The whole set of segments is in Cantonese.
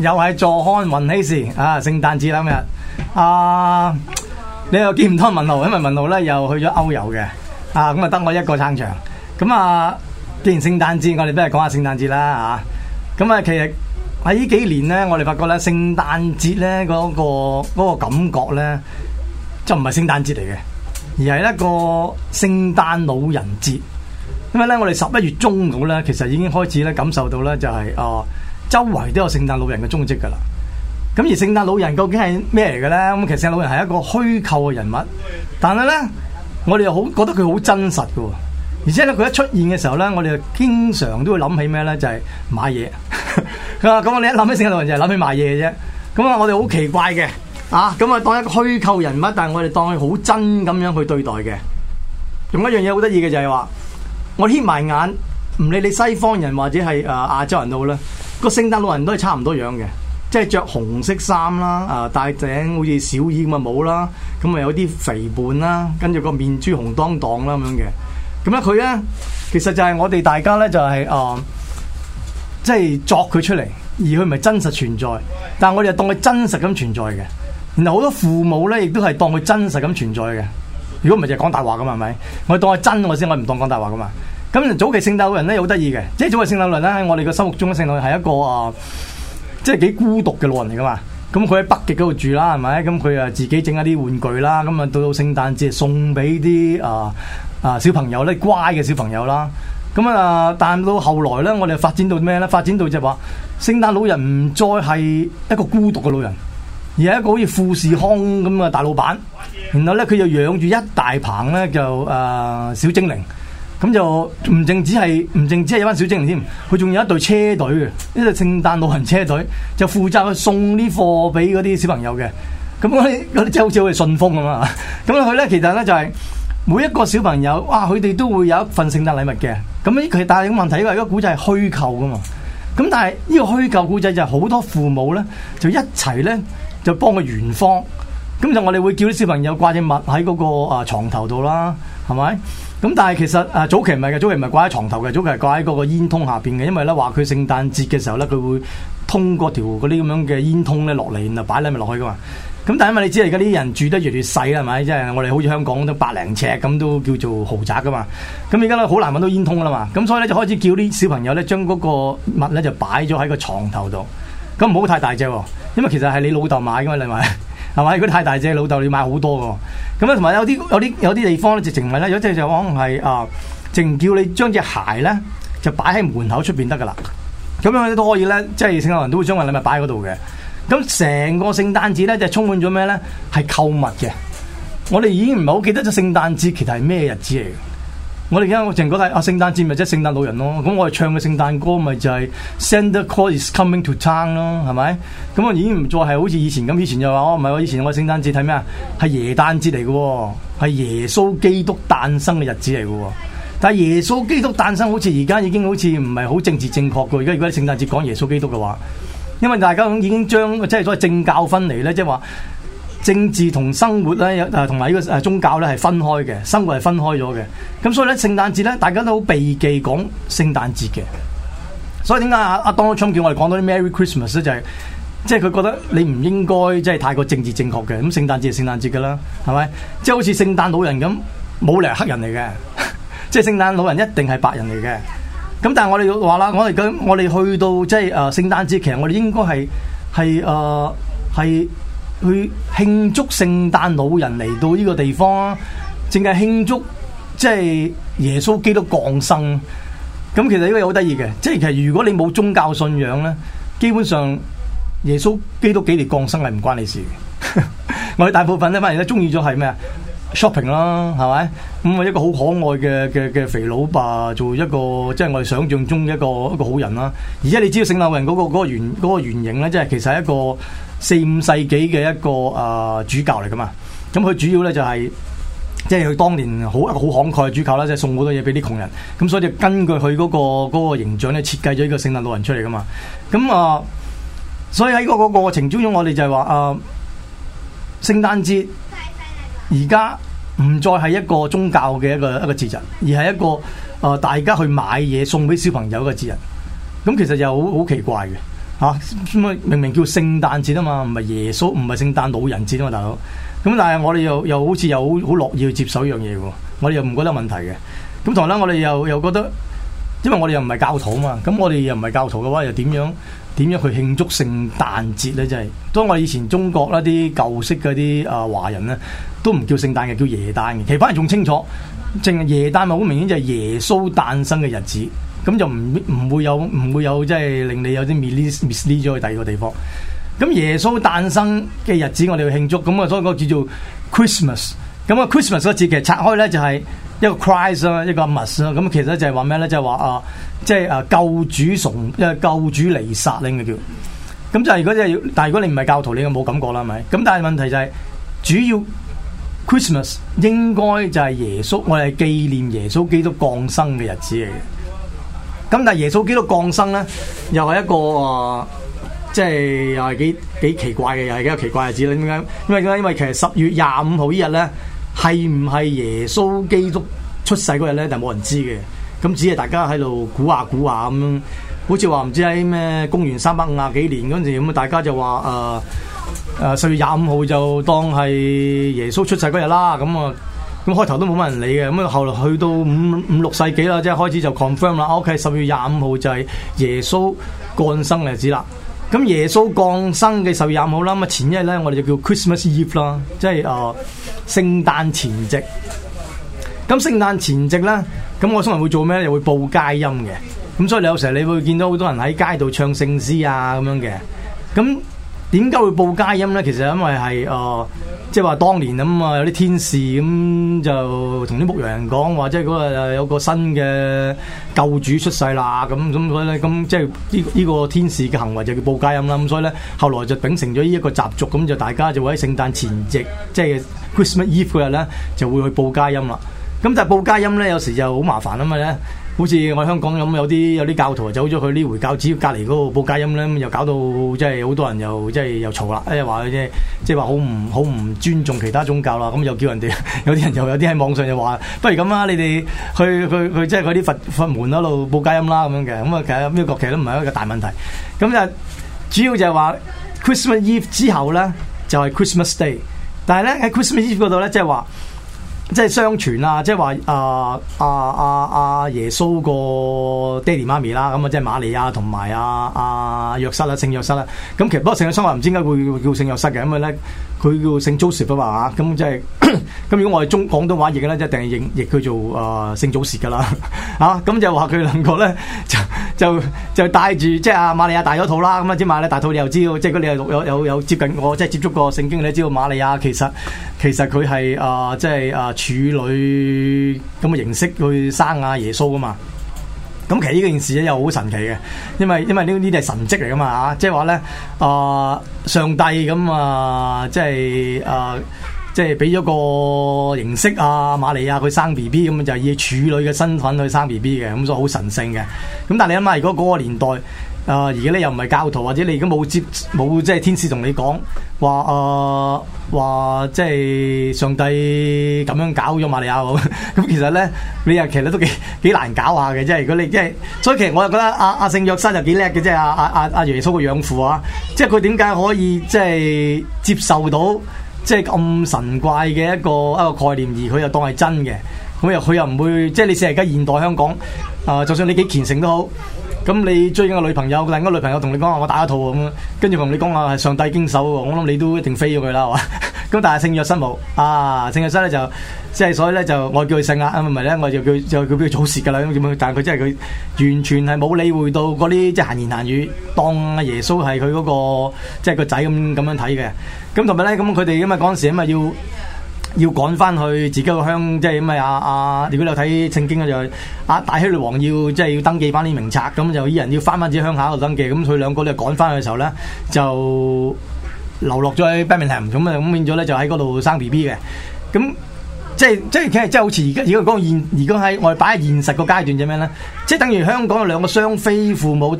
又係坐看雲起時啊！聖誕節今日啊，你又見唔到文豪，因為文豪咧又去咗歐遊嘅啊！咁啊，得我一個撐場。咁啊，既然聖誕節，我哋都係講下聖誕節啦嚇。咁啊，啊，其實喺呢幾年咧，我哋發覺咧，聖誕節咧、嗰、嗰、個嗰個感覺咧，就唔係聖誕節嚟嘅，而係一個聖誕老人節。因為咧，我哋十一月中到咧，其實已經開始咧感受到咧、就係，就係哦。周圍都有聖誕老人嘅蹤迹噶啦，咁而聖誕老人究竟係咩嚟嘅咧？咁其實聖誕老人係一個虛構嘅人物，但係咧我哋又好覺得佢好真實嘅，而且咧佢一出現嘅時候咧，我哋經常都會諗起咩咧？就係、是、買嘢、 嗯就是嗯、啊！咁我哋一諗起聖誕老人就諗起買嘢嘅啫。咁啊，我哋好奇怪嘅啊！咁啊，當一個虛構人物，但係我哋當佢好真咁樣去對待嘅。仲有一樣嘢好得意嘅就係話，我瞌埋眼唔理你西方人或者係誒亞洲人都好啦。個聖誕老人都係差唔多樣嘅，即係着紅色衫啦，啊、呃、戴頂好似小耳咁嘅帽啦，咁啊有啲肥胖啦，跟住個面珠紅當當啦咁樣嘅，咁樣佢咧其實就係我哋大家咧就係、是、啊，即、呃、係、就是、作佢出嚟，而佢唔係真實存在，但係我哋當佢真實咁存在嘅，然後好多父母咧亦都係當佢真實咁存在嘅，如果唔係就係講大話噶嘛，係咪？我當佢真，我先我唔當講大話噶嘛。咁早期聖誕老人咧好得意嘅，即係早期聖誕老人咧喺我哋嘅心目中，聖誕老人係一個啊、呃，即係幾孤獨嘅老人嚟噶嘛。咁佢喺北極嗰度住啦，係咪？咁佢啊自己整一啲玩具啦，咁、嗯、啊到到聖誕節送俾啲啊啊小朋友咧乖嘅小朋友啦。咁、嗯、啊，但到後來咧，我哋發展到咩咧？發展到就係話聖誕老人唔再係一個孤獨嘅老人，而係一個好似富士康咁嘅大老闆。然後咧，佢又養住一大棚咧，就啊、呃、小精靈。咁就唔淨止係唔淨止係一班小精靈添，佢仲有一隊車隊呢隊聖誕老人車隊就負責去送啲貨俾嗰啲小朋友嘅。咁嗰啲啲即係好似我哋順豐咁啊！咁佢咧其實咧就係、是、每一個小朋友，哇！佢哋都會有一份聖誕禮物嘅。咁咧佢帶嚟個問題，因為依個古仔係虛構噶嘛。咁但係呢個虛構古仔就係好多父母咧就一齊咧就幫佢圓謊。咁就我哋會叫啲小朋友掛隻襪喺嗰個啊床頭度啦，係咪？咁、嗯、但係其實誒早期唔係嘅，早期唔係掛喺床頭嘅，早期係掛喺嗰個煙通下邊嘅，因為咧話佢聖誕節嘅時候咧，佢會通過嗰條嗰啲咁樣嘅煙通咧落嚟，然後擺禮物落去噶嘛。咁但係因為你知而家啲人住得越嚟越細係咪？即係、就是、我哋好似香港都百零尺咁都叫做豪宅噶嘛。咁而家咧好難揾到煙通啦嘛。咁所以咧就開始叫啲小朋友咧將嗰個物咧就擺咗喺個床頭度。咁唔好太大隻，因為其實係你老豆買嘅嘛你咪。係咪？佢 太大隻，老豆你買好多㗎。咁咧，同埋有啲有啲有啲地方咧，直情唔係咧。有啲就可能係啊，淨叫你將隻鞋咧就擺喺門口出邊得噶啦。咁樣咧都可以咧，即係聖誕人都會將個禮物擺喺嗰度嘅。咁成個聖誕節咧，就充滿咗咩咧？係購物嘅。我哋已經唔係好記得隻聖誕節其實係咩日子嚟。我哋而家我淨係覺得阿聖誕節咪即係聖誕老人咯，咁我哋唱嘅聖誕歌咪就係 Santa Claus is coming to town 咯，係咪？咁我已經唔再係好似以前咁，以前就話哦唔係，我以前我聖誕節睇咩啊？係耶誕節嚟嘅喎，係耶穌基督誕生嘅日子嚟嘅喎。但係耶穌基督誕生好似而家已經好似唔係好政治正確嘅。而家如果喺聖誕節講耶穌基督嘅話，因為大家已經將即係所謂政教分離咧，即係話。政治同生活咧，誒同埋呢個誒宗教咧係分開嘅，生活係分開咗嘅。咁所以咧，聖誕節咧，大家都好避忌講聖誕節嘅。所以點解阿阿 Donald Trump 叫我哋講多啲 Merry Christmas 咧，就係即係佢覺得你唔應該即係、就是、太過政治正確嘅。咁聖誕節係聖誕節㗎啦，係咪？即、就、係、是、好似聖誕老人咁，冇理由黑人嚟嘅。即 係聖誕老人一定係白人嚟嘅。咁但係我哋要話啦，我哋咁，我哋去到即係誒聖誕節，其實我哋應該係係誒係。去慶祝聖誕老人嚟到呢個地方啊！淨係慶祝，即係耶穌基督降生。咁其實呢個嘢好得意嘅，即係其實如果你冇宗教信仰咧，基本上耶穌基督幾時降生係唔關你事嘅。 我哋大部分咧反而都中意咗係咩啊？shopping 咯，係咪？咁啊一個好可愛嘅嘅嘅肥佬爸，做一個即係我哋想象中一個一個好人啦。而家你知道聖誕老人嗰個嗰個原嗰個原型咧，即係其實係一個。四五世紀嘅一個啊、呃、主教嚟噶嘛，咁佢主要咧就係、是、即係佢當年好一個好慷慨嘅主教啦，即係送好多嘢俾啲窮人，咁所以就根據佢嗰、那個那個形象咧設計咗呢個聖誕老人出嚟噶嘛，咁、嗯、啊、呃，所以喺嗰、那個過、那個、程中中我，我哋就係話啊聖誕節而家唔再係一個宗教嘅一個一個節日，而係一個啊、呃、大家去買嘢送俾小朋友嘅節日，咁、嗯、其實又好好奇怪嘅。嚇，明明叫聖誕節啊嘛，唔係耶穌，唔係聖誕老人節啊嘛，大佬。咁但係我哋又又好似又好好樂意去接受呢樣嘢嘅，我哋又唔覺得問題嘅。咁同埋咧，我哋又又覺得，因為我哋又唔係教徒啊嘛，咁我哋又唔係教徒嘅話，又點樣點樣去慶祝聖誕節咧？真係，當我哋以前中國一啲舊式嗰啲啊華人咧，都唔叫聖誕嘅，叫耶誕嘅。其實反而仲清楚，正係耶誕咪好明顯就係耶穌誕生嘅日子。咁就唔唔會有唔會有即係、就是、令你有啲 mislead 咗去第二個地方。咁耶穌誕生嘅日子我哋去慶祝，咁啊所以個叫做 Christmas。咁啊 Christmas 嗰個字其實拆開咧就係一個 Christ 啊，一個、A、mas 啊。咁其實就係話咩咧？就係、是、話啊，即、就、係、是、啊救主崇，即係救主離殺拎嘅叫。咁就係如果就係，但係如果你唔係教徒，你冇感覺啦，係咪？咁但係問題就係、是、主要 Christmas 應該就係耶穌，我哋係紀念耶穌基督降生嘅日子嚟嘅。咁但係耶穌基督降生咧，又係一個啊、呃，即係又係幾幾奇怪嘅，又係一個奇怪日子啦。點解？因為點解？因為其實十月廿五號呢日咧，係唔係耶穌基督出世嗰日咧，就冇人知嘅。咁只係大家喺度估下估下，咁樣，好似話唔知喺咩公元三百五十幾年嗰陣時咁啊，大家就話啊啊十月廿五號就當係耶穌出世嗰日啦。咁啊～、呃咁開頭都冇乜人理嘅，咁啊後來去到五五六世紀啦，即係開始就 confirm 啦。O K，十月廿五號就係耶穌降生日子啦。咁耶穌降生嘅十月廿五號啦，咁啊前一日咧，我哋就叫 Christmas Eve 啦，即係啊聖誕前夕。咁聖誕前夕咧，咁我通常會做咩咧？又會報佳音嘅。咁所以你有時候你會見到好多人喺街度唱聖詩啊咁樣嘅。咁。點解會報佳音咧？其實因為係誒、呃，即係話當年咁啊，有啲天使咁、嗯、就同啲牧羊人講話，即係嗰日有個新嘅救主出世啦。咁、嗯、咁、嗯、所以咧，咁、嗯、即係呢呢個天使嘅行為就叫報佳音啦。咁、嗯、所以咧，後來就秉承咗呢一個習俗，咁、嗯、就大家就會喺聖誕前夕，即係 Christmas Eve 嗰日咧，就會去報佳音啦。咁、嗯、但係報佳音咧，有時就好麻煩啊嘛咧。好似我喺香港咁有啲有啲教徒走咗去呢回教寺隔籬嗰度報佳音咧，又搞到即係好多人又即係又嘈啦，即係話嘅啫，即係話好唔好唔尊重其他宗教啦。咁又叫人哋有啲人，人又有啲喺網上又話，不如咁啊，你哋去去去即係去啲佛佛門嗰度報佳音啦咁樣嘅。咁啊，其實咩國旗都唔係一個大問題。咁就主要就係話 Christmas Eve 之後咧，就係、是、Christmas Day 但。但係咧喺 Christmas Eve 嗰度咧，即係話。即係相傳啊，即係話啊啊啊阿耶穌個爹哋媽咪啦，咁啊即係瑪利亞同埋啊啊約瑟啦，聖約瑟啦，咁其實不過聖約瑟我唔知點解會叫聖約瑟嘅，因為咧。佢叫姓祖 o s 啊嘛嚇，咁、嗯、即係咁、嗯、如果我哋中廣東話譯嘅咧，一定係譯譯叫做、呃、聖祖啊姓早時噶啦嚇，咁、嗯、就話、是、佢能夠咧就就就帶住即係啊瑪利亞大咗肚啦，咁啊之嘛利大肚你又知道，即係如果你有有有，有接近我即係接觸過聖經，你都知道瑪利亞其實其實佢係啊即係啊處女咁嘅形式去生啊耶穌啊嘛。咁其實呢件事咧又好神奇嘅，因為因為呢呢啲係神蹟嚟噶嘛嚇，即係話咧啊上帝咁啊，即係啊即係俾咗個形式啊瑪利亞佢生 B B 咁就以處女嘅身份去生 B B 嘅，咁、嗯、所以好神聖嘅。咁但係你諗下，如果嗰個年代，啊！而家咧又唔係教徒，或者你而家冇接冇即係天使同你講話啊，話即係上帝咁樣搞咗瑪利亞咁。其實咧，你又其實都幾幾難搞下嘅。即係如果你即係，所以其實我又覺得阿阿聖約瑟就幾叻嘅。即係阿阿阿阿耶穌個養父啊，即係佢點解可以即係、就是、接受到即係咁神怪嘅一個一個概念，而佢又當係真嘅。咁又佢又唔會即係你成而家現代香港啊、呃，就算你幾虔誠都好。咁、嗯、你追緊個女朋友，另一個女朋友同你講話我打一套咁，嗯、跟住同你講啊，係上帝經手，我諗你都一定飛咗佢啦，係、嗯、嘛？咁但係聖若瑟亡，啊，聖若瑟咧就即係所以咧就是、我叫佢聖啊，唔係咧我就叫就叫佢早泄噶啦，咁點樣？但係佢真係佢完全係冇理會到嗰啲即係閒言閒語，當耶穌係佢嗰個即係、就是、個仔咁咁樣睇嘅。咁同埋咧，咁佢哋咁啊嗰陣時咁啊要。要趕翻去自己個鄉，即係咁啊！阿、啊、阿，如果你有睇聖經咧，就阿、啊、大希律王要即係要登記翻啲名冊，咁就依人要翻翻自己鄉下度登記，咁佢兩個咧趕翻去嘅時候咧，就流落咗喺伯利恆，咁啊咁變咗咧就喺嗰度生 B B 嘅，咁即係即係其實即係好似而家如果講現，如果喺我哋擺喺現實個階段，做咩咧？即係等於香港有兩個雙非父母，嗰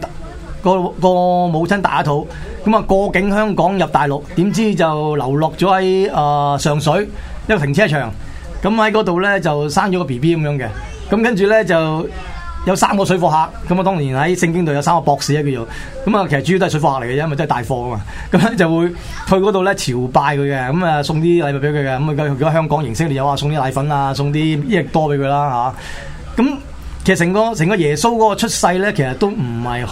個、嗰個母親大肚，咁啊過境香港入大陸，點知就流落咗喺誒上水。一個停車場，咁喺嗰度咧就生咗個 B B 咁樣嘅，咁跟住咧就有三個水貨客，咁啊當年喺聖經度有三個博士喺度，咁啊其實主要都係水貨客嚟嘅，因為都係大貨啊嘛，咁 樣就會去嗰度咧朝拜佢嘅，咁啊送啲禮物俾佢嘅，咁啊如果香港形式你有啊，送啲奶粉啊，送啲益力多俾佢啦嚇，咁其實成個成個耶穌嗰個出世咧，其實，其實都唔係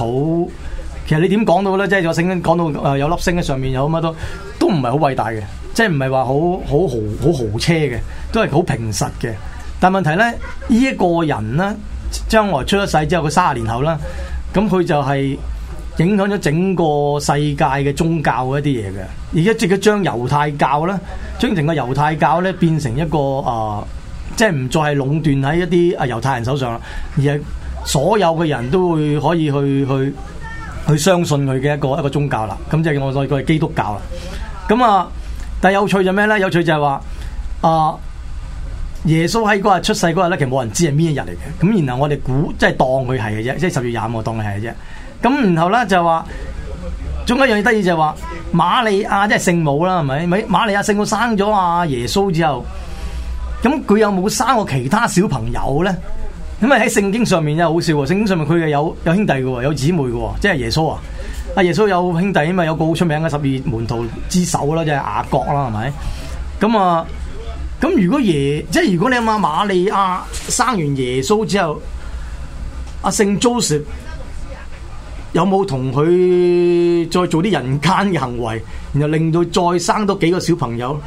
好。其實你點講到咧，即係個星講到誒有粒星喺上面，有乜都都唔係好偉大嘅，即係唔係話好好豪好豪車嘅，都係好平實嘅。但問題咧，呢、這、一個人咧，將來出咗世之後，佢卅年後啦，咁佢就係影響咗整個世界嘅宗教一啲嘢嘅，而家即刻將猶太教咧，將成個猶太教咧變成一個誒，即係唔再係壟斷喺一啲啊猶太人手上啦，而係所有嘅人都會可以去去。佢相信佢嘅一個一個宗教啦，咁就係我再佢係基督教啦。咁啊，但係有，有，有趣就咩咧？有趣就係話啊，耶穌喺嗰日出世嗰日咧，其實冇人知係咩一日嚟嘅。咁然後我哋估，即係當佢係嘅啫，即係十月廿五當佢係嘅啫。咁然後咧就話，仲有一樣嘢得意就係話，瑪利亞即係聖母啦，係咪？咪瑪利亞聖母生咗阿耶穌之後，咁佢有冇生過其他小朋友咧？咁啊喺聖經上面又好笑，聖經上面佢又有兄弟嘅，有姊妹嘅。即係耶穌啊，阿耶穌有兄弟因為，有個好出名嘅十二門徒之首啦，即係雅各啦，係咪？咁、嗯、啊，咁、嗯嗯嗯、如果耶，即係如果你諗下，瑪利亞生完耶穌之後，阿、啊、聖 Joseph 有冇同佢再做啲人間嘅行為，然後令到再生多幾個小朋友，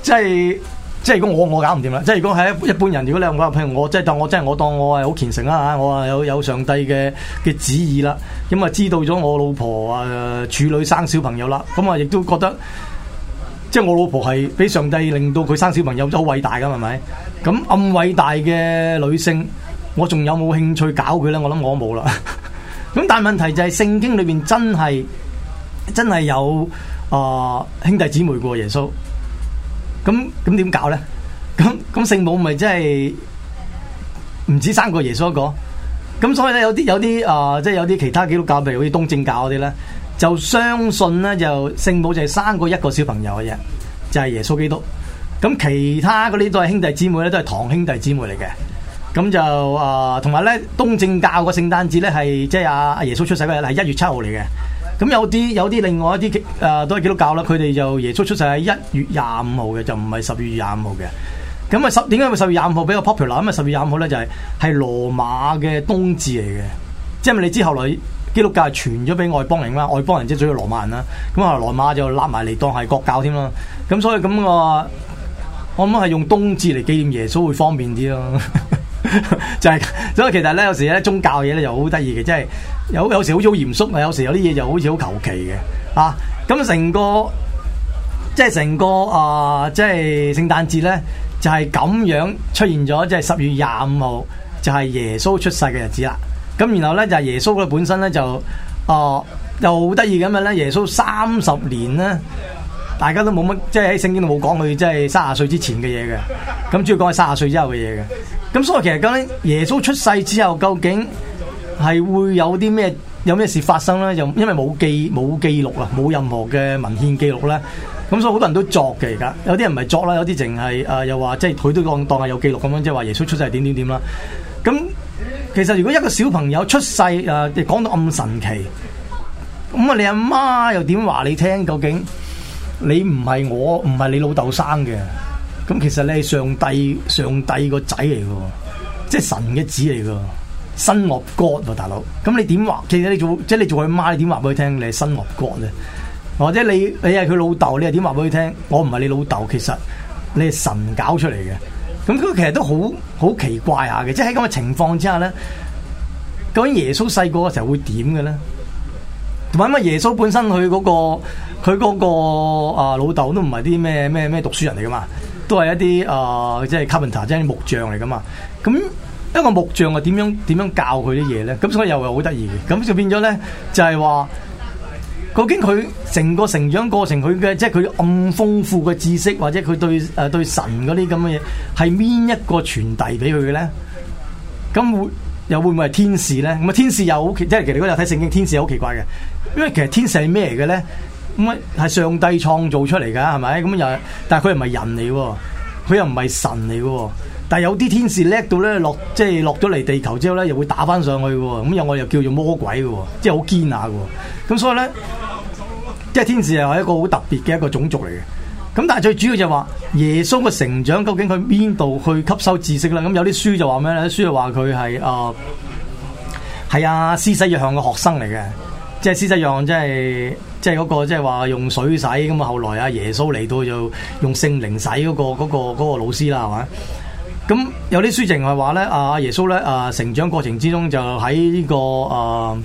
即係。即係如果我我搞唔掂啦，即係如果係一般人，如果你咁講，譬如我即係當我即係我當我係好虔誠啦吓，我啊有有上帝嘅嘅旨意啦，咁啊知道咗我老婆啊、呃、處女生小朋友啦，咁啊亦都覺得即係我老婆係俾上帝令到佢生小朋友都好偉大噶，係咪？咁咁偉大嘅女性，我仲有冇興趣搞佢咧？我諗我冇啦。咁 但係問題就係、是、聖經裏邊真係真係有啊、呃、兄弟姊妹過耶穌。咁咁點搞咧？咁咁聖母咪真係唔止生個耶穌一個，咁所以咧有啲有啲啊，即、呃、係、就是、有啲其他基督教譬如好似東正教嗰啲咧，就相信咧就聖母就係生過一個小朋友嘅啫，就係、是、耶穌基督。咁其他嗰啲都係兄弟姊妹咧，都係堂兄弟姊妹嚟嘅。咁就啊，同埋咧東正教個聖誕節咧係即係阿阿耶穌出世嘅日係一月七號嚟嘅。咁有啲有啲另外一啲，誒、呃、都係基督教啦。佢哋就耶穌出世喺一月廿五號嘅，就唔係十二月廿五號嘅。咁啊十點解會十二月廿五號比較 popular？咁啊十二月廿五號咧就係、是、係羅馬嘅冬至嚟嘅，即係你知後來基督教係傳咗俾外邦人啦，外邦人即係主要羅馬人啦。咁啊後來羅馬就揦埋嚟當係國教添啦。咁所以咁個我諗係用冬至嚟紀念耶穌會方便啲咯。 就係，所以其實咧有時咧宗教嘢咧又好得意嘅，即係有有時好嚴肅啊，有時有啲嘢就好似好求其嘅啊。咁成個即係成個啊，即係聖誕節咧就係咁樣出現咗，即係十月廿五號就係、耶穌出世嘅日子啦。咁然後咧就係、耶穌咧本身咧就哦又好得意咁嘅咧，耶穌三十年咧。大家都冇乜，即係喺聖經都冇講佢，即係卅歲之前嘅嘢嘅。咁主要講佢卅歲之後嘅嘢嘅。咁所以其實咁耶穌出世之後，究竟係會有啲咩有咩事發生咧？又因為冇記冇記錄啊，冇任何嘅文獻記錄咧。咁所以好多人都作嘅而家，有啲人唔係作啦，有啲淨係誒又話即係佢都當當係有記錄咁樣，即係話耶穌出世點點點啦。咁其實如果一個小朋友出世誒講到咁神奇，咁啊你阿媽又點話你聽？究竟？你唔係我，唔係你老豆生嘅，咁其實你係上帝上帝個仔嚟嘅，即係神嘅子嚟嘅，新約 God 喎，大佬。咁你點話？其實你做即係、就是、你做佢媽，你點話俾佢聽？你係新約 God 咧？或者你你係佢老豆，你又點話俾佢聽？我唔係你老豆，其實你係神搞出嚟嘅。咁佢其實都好好奇怪下嘅，即係喺咁嘅情況之下咧，究竟耶穌細個嘅時候會點嘅咧？同埋因為耶穌本身佢嗰、個佢嗰啊老豆都唔係啲咩咩咩讀書人嚟噶嘛，都係一啲啊、呃、即係 Carpenter 即係木匠嚟噶嘛。咁一個木匠啊，點樣點樣教佢啲嘢咧？咁所以又係好得意嘅。咁就變咗咧，就係、係、話究竟佢成個成長過程，佢嘅即係佢咁豐富嘅知識，或者佢對誒、呃、對神嗰啲咁嘅嘢，係邊一個傳遞俾佢嘅咧？咁會。又會唔會係天使咧？咁啊，天使又好奇，即係其實如果有睇聖經，天使好奇怪嘅。因為其實天使係咩嚟嘅咧？咁啊，係上帝創造出嚟噶，係咪？咁又，但係佢又唔係人嚟，佢又唔係神嚟，但係有啲天使叻到咧落，即係落咗嚟地球之後咧，又會打翻上去嘅。咁又我又叫做魔鬼嘅，即係好堅下嘅。咁所以咧，即係天使又係一個好特別嘅一個種族嚟嘅。咁但係最主要就係話耶穌嘅成長究竟佢邊度去吸收知識啦？咁有啲書就話咩咧？書就話佢係啊，係啊，施洗約翰嘅學生嚟嘅，即係施洗約翰即係即係嗰個即係話用水洗咁啊，後來啊耶穌嚟到就用聖靈洗嗰、嗰個、嗰個、嗰個老師啦係嘛？咁有啲書淨係話咧啊耶穌咧啊、呃、成長過程之中就喺呢、呢個啊。呃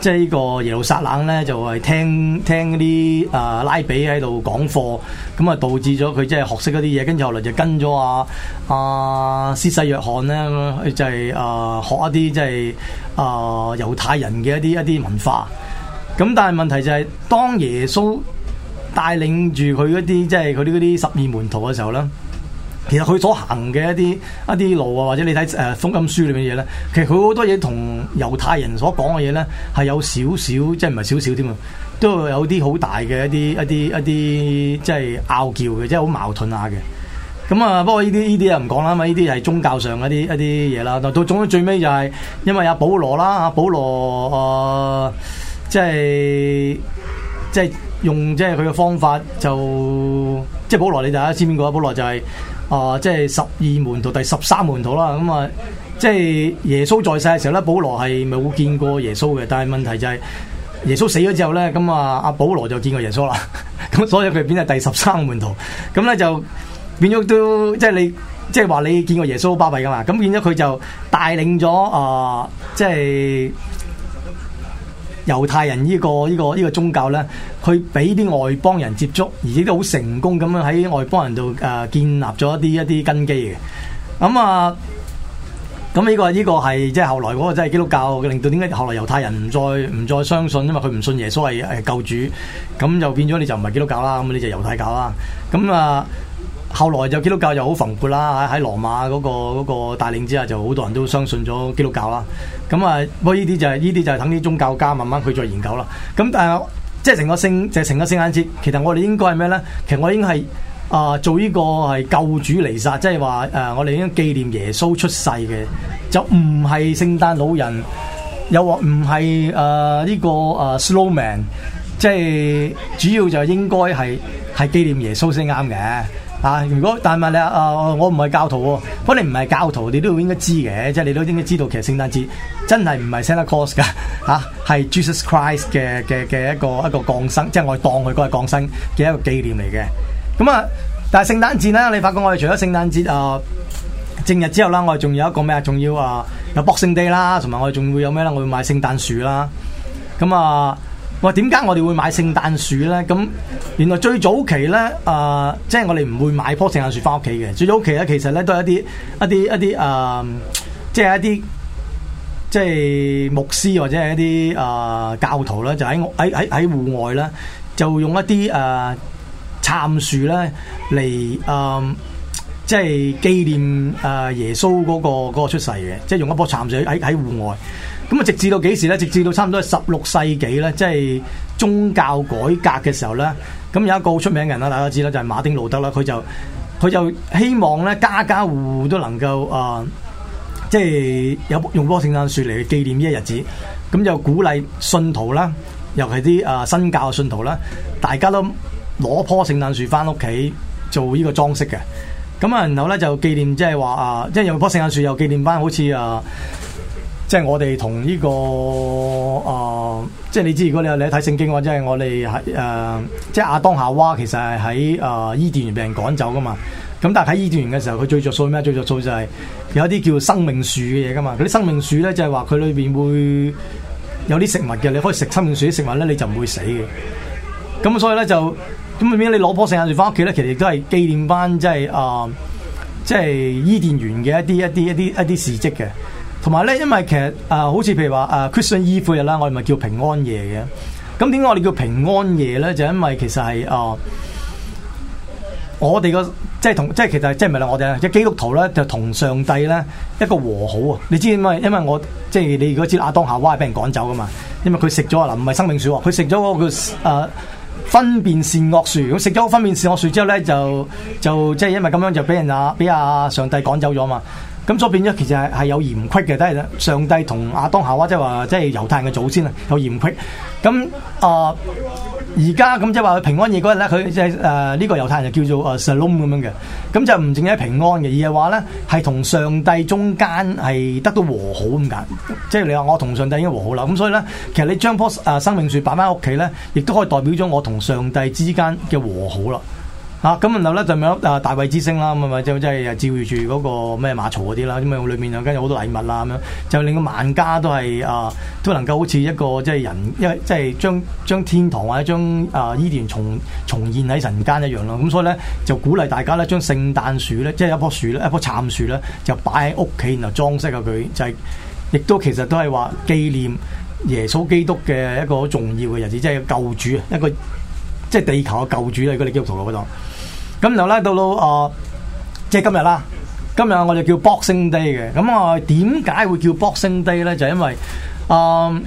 即係呢個耶路撒冷咧，就係、是、聽聽啲誒、呃、拉比喺度講課，咁啊導致咗佢即係學識嗰啲嘢，跟住後來就跟咗啊啊施洗約翰咧，就係、是、誒、呃、學一啲即係誒猶太人嘅一啲一啲文化。咁但係問題就係、是、當耶穌帶領住佢嗰啲即係佢啲嗰啲十二門徒嘅時候咧。其實佢所行嘅一啲一啲路啊，或者你睇誒《福音書》裏面嘅嘢咧，其實佢好多嘢同猶太人所講嘅嘢咧，係有少少，即係唔係少少添啊，都有啲好大嘅一啲一啲一啲，即係拗撬嘅，即係好矛盾下嘅。咁啊，不過呢啲呢啲啊唔講啦，因為呢啲係宗教上一啲一啲嘢啦。到到總之最尾就係因為阿保羅啦，阿保羅誒，即係即係用即係佢嘅方法就即係、就係、保羅，你就係知邊個啊？保羅就係、係。啊、呃，即係十二門徒第十三門徒啦，咁、嗯、啊，即係耶穌在世嘅時候咧，保羅係冇見過耶穌嘅，但係問題就係耶穌死咗之後咧，咁、嗯、啊，阿保羅就見過耶穌啦，咁、 嗯、所以佢變咗第十三門徒，咁、嗯、咧就變咗都即係你即係話你見過耶穌巴閉噶嘛，咁變咗佢就帶領咗啊、呃，即係。猶太人呢、呢個呢、呢個呢、呢個宗教呢，佢俾啲外邦人接觸，而且都好成功咁樣喺外邦人度誒建立咗一啲一啲根基嘅。咁、嗯、啊，咁、這、呢個呢、呢個係即係後來嗰個即係基督教，令到點解後來猶太人唔再唔再相信，因為佢唔信耶穌係誒救主。咁就變咗你就唔係基督教啦，咁、嗯、你就猶太教啦。咁、嗯、啊～後來就基督教又好蓬勃啦嚇，喺羅馬嗰、嗰個嗰、嗰個帶領之下，就好多人都相信咗基督教啦。咁啊，不過呢啲就係呢啲就係等啲宗教家慢慢去再研究啦。咁但係即係成個聖，就係成個聖誕節。其實我哋應該係咩咧？其實我應該係啊、呃、做呢個係救主彌撒，即係話誒，我哋應該紀念耶穌出世嘅，就唔係聖誕老人，又話唔係誒呢個誒 slow man，即係主要就應該係係紀念耶穌先啱嘅。啊！如果但係你啊、呃，我唔係教徒喎，咁你唔係教徒，你都應該知嘅，即係你都應該知道，其實聖誕節真係唔係 Santa Claus 噶，嚇、啊，係 Jesus Christ 嘅嘅嘅一個一個降生，即係我哋當佢嗰個降生嘅一個紀念嚟嘅。咁啊，但係聖誕節啦，你發覺我哋除咗聖誕節啊正日之後啦，我哋仲有一個咩啊？仲要啊有 Boxing Day 啦，同埋我哋仲會有咩啦？我會買聖誕樹啦，咁啊。我點解我哋會買聖誕樹咧？咁原來最早期咧，啊，即係我哋唔會買棵聖誕樹翻屋企嘅。最早期咧，其實咧都一啲一啲一啲啊，即係一啲即係牧師或者係一啲啊教徒啦，就喺屋喺喺喺戶外啦，就用一啲啊杉樹咧嚟啊，即係紀念啊耶穌嗰個嗰個出世嘅，即係用一棵杉樹喺喺戶外。咁啊，直至到幾時咧？直至到差唔多十六世紀咧，即係宗教改革嘅時候咧。咁有一個好出名嘅人啦，大家知啦，就係馬丁路德啦。佢就佢就希望咧，家家戶戶都能夠啊，即係有用棵聖誕樹嚟去紀念呢一日子。咁就鼓勵信徒啦，尤其啲啊新教嘅信徒啦，大家都攞棵聖誕樹翻屋企做呢個裝飾嘅。咁啊，然後咧就紀念就，即係話啊，即係有棵聖誕樹又紀念翻好似啊～即係我哋同呢個啊、呃，即係你知，如果你你睇聖經嘅話，即係我哋係誒，即係亞當夏娃其實係喺啊伊甸園俾人趕走噶嘛。咁但係喺伊甸園嘅時候，佢最着數咩？最着數就係有一啲叫生命樹嘅嘢噶嘛。嗰啲生命樹咧就係話佢裏邊會有啲食物嘅，你可以食生命樹啲食物咧，你就唔會死嘅。咁所以咧就咁點解你攞棵聖誕樹翻屋企咧？其實亦都係紀念翻即係啊，即係伊甸園嘅一啲一啲一啲一啲事蹟嘅。同埋咧，因為其實、呃、啊，好似譬如話啊，Christmas Eve 日啦，我哋咪叫平安夜嘅。咁點解我哋叫平安夜咧？就因為其實係啊、呃，我哋個即係同即係其實即係唔係我哋啊，即係基督徒咧就同上帝咧一個和好啊。你知唔知？因為我即係你如果知亞當夏娃俾人趕走噶嘛，因為佢食咗嗱唔係生命樹喎，佢食咗嗰個啊、呃、分辨善惡樹，佢食咗分辨善惡樹之後咧就就即係因為咁樣就俾人啊俾啊上帝趕走咗嘛。咁、嗯、所以變咗其實係係有嫌隙嘅，都係上帝同亞當夏娃即係話，即係猶太人嘅祖先啊，有嫌隙。咁啊，而家咁即係話平安夜嗰日咧，佢即係誒呢個猶太人就叫做誒 Shalom 咁樣嘅。咁就唔淨係平安嘅，而係話咧係同上帝中間係得到和好咁解。即係你話我同上帝已經和好啦。咁所以咧，其實你將棵誒生命樹擺翻屋企咧，亦都可以代表咗我同上帝之間嘅和好啦。啊，咁然後咧就咪有啊大衞之星啦，咁啊咪即係即係照住嗰個咩馬槽嗰啲啦，咁啊裏面又跟住好多禮物啦，咁、啊、樣就令到萬家都係啊，都能夠好似一個即係、就是、人，因為即係將將天堂或者將啊伊甸重重現喺神間一樣咯。咁所以咧就鼓勵大家咧將聖誕樹咧，即、就、係、是、一棵樹咧，一棵杉樹咧，就擺喺屋企然後裝飾啊佢就係、是，亦都其實都係話紀念耶穌基督嘅一個好重要嘅日子，即、就、係、是、救主啊，一個即係、就是、地球嘅救主啊，喺個基督徒度。咁然後咧，到到啊、呃，即係今日啦。今日我哋叫 Boxing Day 嘅。咁我點解會叫 Boxing Day 咧？就係、是、因為啊、呃，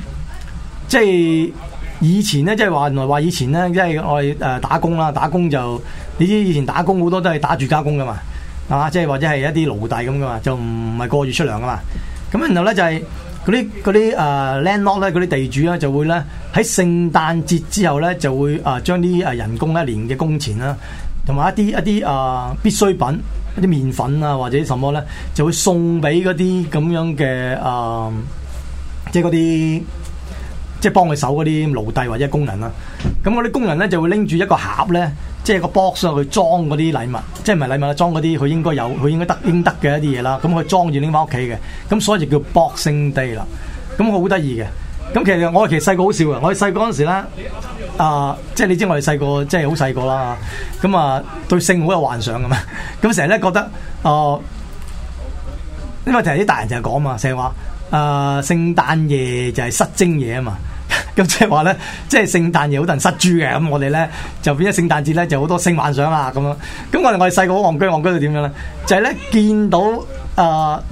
即係以前咧，即係話原來話以前咧，即係我哋誒打工啦，打工就你知以前打工好多都係打住家工噶嘛，啊，即係或者係一啲奴隸咁噶嘛，就唔唔係過月出糧噶嘛。咁然後咧就係嗰啲嗰啲誒 landlord 咧，嗰啲、呃、地主咧就會咧喺聖誕節之後咧就會啊將啲啊人工一年嘅工錢啦。同埋一啲一啲啊、呃、必需品一啲麵粉啊或者什麼咧，就會送俾嗰啲咁樣嘅啊、呃，即係嗰啲即係幫佢手嗰啲奴隸或者工人啦。咁嗰啲工人咧就會拎住一個盒咧，即係個 box 去裝嗰啲禮物，即係唔係禮物啦，裝嗰啲佢應該有，佢應該得應得嘅一啲嘢啦。咁佢裝住拎翻屋企嘅，咁所以就叫 boxing day 啦。咁好得意嘅。咁其實我係其實細個好笑嘅，我哋細個嗰陣時咧，啊，即係你知我哋細個即係好細個啦，咁啊對性好有幻想嘅嘛，咁成日咧覺得，哦，因為就係啲大人就係講嘛，成日話，啊聖誕夜就係失精嘢啊嘛，咁即係話咧，即係聖誕夜好多人失豬嘅，咁我哋咧就變咗聖誕節咧就好多性幻想啊咁樣，咁我哋我哋細個好戇居，戇居到點樣咧，就係咧見到啊～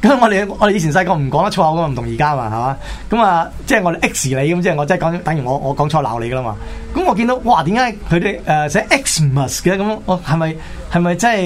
咁我哋我哋以前細個唔講得粗口，唔同而家嘛，係嘛？咁啊，即係我哋 X 你咁，即係我真係講，等於我我講錯鬧你噶啦嘛。咁我見到哇，點解佢哋誒寫 Xmas 嘅？咁我係咪係咪真係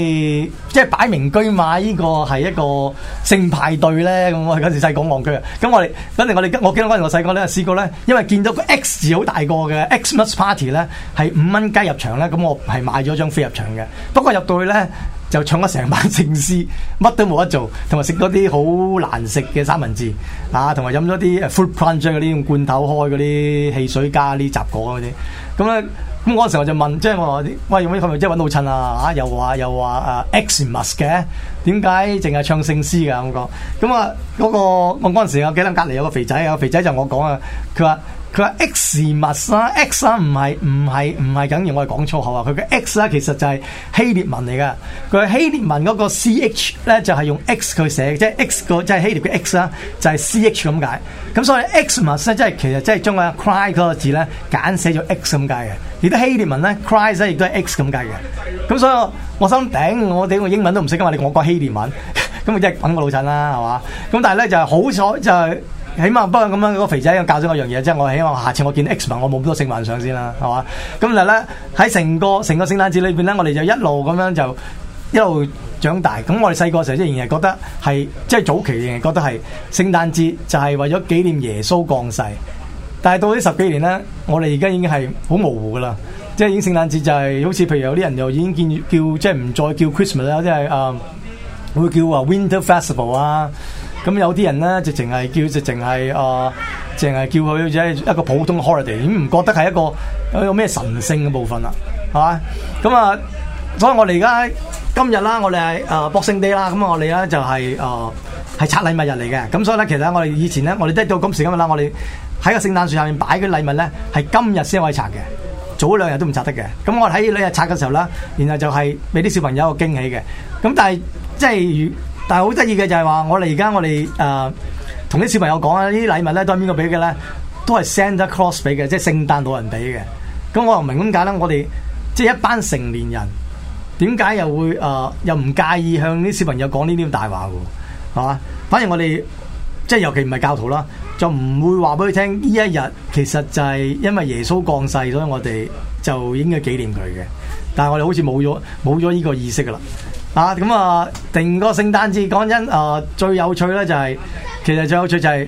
即係擺明居馬呢個係一個性派對咧？咁我嗰時細個戇居啊！咁我哋反正我哋我記得嗰陣我細個咧試過咧，因為見到 X 字個 X 好大個嘅 Xmas party 咧係五蚊雞入場咧，咁我係買咗張飛入場嘅。不過入到去咧。就唱咗成晚聖詩，乜都冇得做，同埋食咗啲好難食嘅三文治，啊，同埋飲咗啲誒 fruit punch 嗰啲罐頭開，開嗰啲汽水加啲雜果嗰啲。咁咧，咁嗰陣時我就問，即係我話，喂，有咩分別？即係揾到襯啊，啊，啊，啊！啊，又話又話誒 Xmas 嘅，點解淨係唱聖詩嘅咁講？咁、嗯、啊，嗰、那個那個、我嗰陣時有幾鄰隔離有個肥仔啊，那個、肥仔就我講啊，佢話。佢話 X 物啦 X 啦，唔係唔係唔係咁樣，要我哋講粗口啊！佢嘅 X 啦、就是就是，其實就係希臘文嚟嘅。佢希臘文嗰個 CH 咧就係用 X 佢寫，即係 X 個即係希臘嘅 X 啦，就係 CH 咁解。咁所以 X 物生即係其實即係將個 cry 嗰個字咧簡寫咗 X 咁解嘅。而得希臘文咧，cry 咧亦都係 X 咁解嘅。咁所以我我心頂，我頂個英文都唔識啊嘛！我講希臘文，咁 我即係揾個老襯啦，係嘛？咁但係咧就係、是、好彩就是。起碼不過咁樣，個肥仔一樣教咗我樣嘢，即係我希望下次我見 X 文，我冇咁多性幻想先啦，係嘛？咁嗱咧，喺成個成個聖誕節裏邊咧，我哋就一路咁樣就一路長大。咁我哋細個時候即係仍然係覺得係即係早期仍然覺得係聖誕節就係為咗紀念耶穌降世。但係到咗十幾年咧，我哋而家已經係好模糊噶啦，即係已經聖誕節就係好似譬如有啲人又已經叫叫即係唔再叫 Christmas 啦，即係誒會叫話 Winter Festival 啊。咁有啲人咧，直情係叫直情係啊，淨係叫佢只係一個普通 holiday，咁唔覺得係一個有個咩神聖嘅部分啦，係嘛？咁啊，所以我哋而家今日啦，我哋係啊 Boxing Day 啦，咁我哋咧就係啊係拆禮物日嚟嘅。咁所以咧，其實我哋以前咧，我哋都到今時今日啦，我哋喺個聖誕樹下面擺嘅禮物咧，係今日先可以拆嘅，早兩日都唔拆得嘅。咁我喺禮日拆嘅時候啦，然後就係俾啲小朋友一個驚喜嘅。咁但係即係。但係好得意嘅就係話，我哋而家我哋誒同啲小朋友講啊，啲禮物咧都係邊個俾嘅咧？都係 Santa Claus 俾嘅，即係聖誕老人俾嘅。咁我又唔明咁解啦。我哋即係一班成年人，點解又會誒、呃、又唔介意向啲小朋友講呢啲大話嘅？係嘛？反而我哋即係尤其唔係教徒啦，就唔會話俾佢聽呢一日其實就係因為耶穌降世，所以我哋就應該紀念佢嘅。但係我哋好似冇咗冇咗呢個意識噶啦。啊，咁啊，定個聖誕節，講真，啊，最有趣咧就係，其實最有趣就係，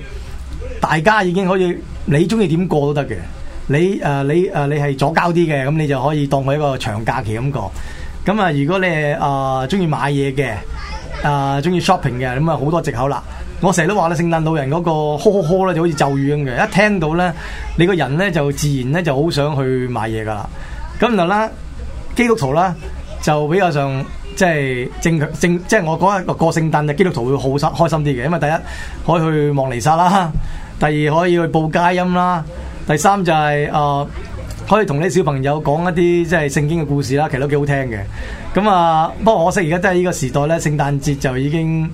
大家已經可以，你中意點過都得嘅，你誒、啊，你誒、啊，你係左膠啲嘅，咁你就可以當佢一個長假期咁過。咁啊，如果你誒中意買嘢嘅，啊，中意 shopping 嘅，咁啊好多借口啦。我成日都話啦，聖誕老人嗰、那個呵呵呵咧，就好似咒語咁嘅，一聽到咧，你個人咧就自然咧就好想去買嘢噶啦。咁然後咧，基督徒咧就比較上。即係正正即係我嗰日過聖誕嘅基督徒會好心開心啲嘅，因為第一可以去望彌撒啦，第二可以去報佳音啦，第三就係、是、誒、呃、可以同啲小朋友講一啲即係聖經嘅故事啦，其實都幾好聽嘅。咁、嗯、啊，不過可惜而家真係呢個時代咧，聖誕節就已經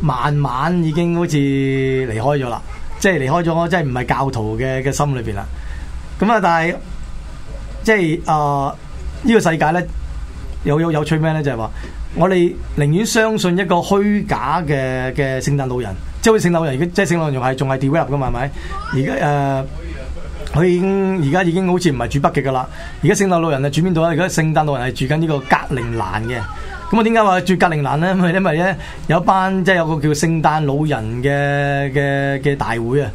慢慢已經好似離開咗啦，即係離開咗我真係唔係教徒嘅嘅心裏邊啦。咁、嗯、啊，但係即係誒呢個世界咧，有有有趣咩咧？就係話，我哋寧願相信一個虛假嘅嘅聖誕老人，即係、呃、好似聖誕老人而家，即係聖誕老人係仲係 develop 噶，係咪？而家誒，佢已經而家已經好似唔係住北極噶啦。而家聖誕老人啊，住邊度啊？而家聖誕老人係住緊呢個格陵蘭嘅。咁我點解話住格陵蘭咧？因為咧有一班即係有個叫聖誕老人嘅嘅嘅大會啊。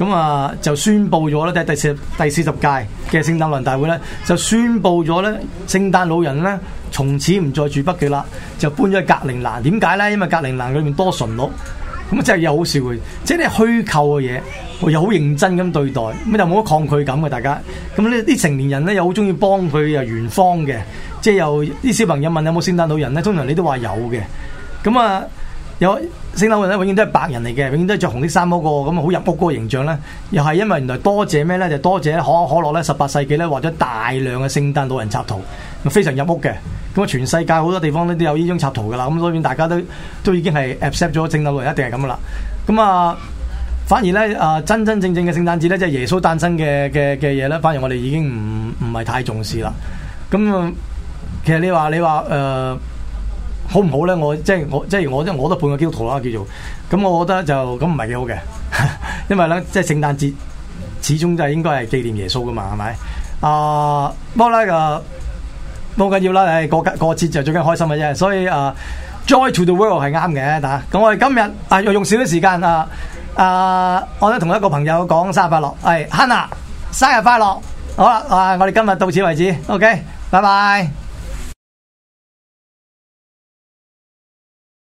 咁啊、嗯，就宣布咗啦，第四第四十屆嘅聖誕老人大會咧，就宣布咗咧，聖誕老人咧，從此唔再住北極啦，就搬咗去格陵蘭。點解咧？因為格陵蘭裏面多純鹿。咁、嗯、啊，真係有好笑嘅，即係你虛構嘅嘢，又好認真咁對待，咁又冇乜抗拒感嘅大家。咁呢啲成年人咧，又好中意幫佢又圓方嘅，即係又啲小朋友問有冇聖誕老人咧，通常你都話有嘅。咁、嗯、啊～、嗯嗯有聖誕老人咧，永遠都係白人嚟嘅，永遠都係着紅色衫嗰個咁啊，好入屋嗰個形象咧，又係因為原來多謝咩咧？就多謝可口可樂咧，十八世紀咧，畫咗大量嘅聖誕老人插圖，非常入屋嘅。咁啊，全世界好多地方咧都有呢張插圖噶啦。咁所以大家都都已經係 accept 咗聖誕老人一定係咁噶啦。咁啊，反而咧啊，真真正正嘅聖誕節咧，即係耶穌誕生嘅嘅嘅嘢咧，反而我哋已經唔唔係太重視啦。咁啊，其實你話你話誒。呃好唔好咧？我即係我即係我即係我都半個基督徒啦，叫做咁，我覺得就咁唔係幾好嘅， 因為咧即係聖誕節始終就係應該係紀念耶穌噶嘛，係咪？啊、uh, like, uh,，不、哎、過咧啊冇緊要啦，誒過過節就最緊開心嘅啫，所以啊、uh,，Joy to the world 係啱嘅，得、啊。咁我哋今日啊又用少少時間啊啊，我想同一個朋友講生日快樂，係 Hannah 生日快樂，好啦啊，我哋今日到此為止，OK，拜拜。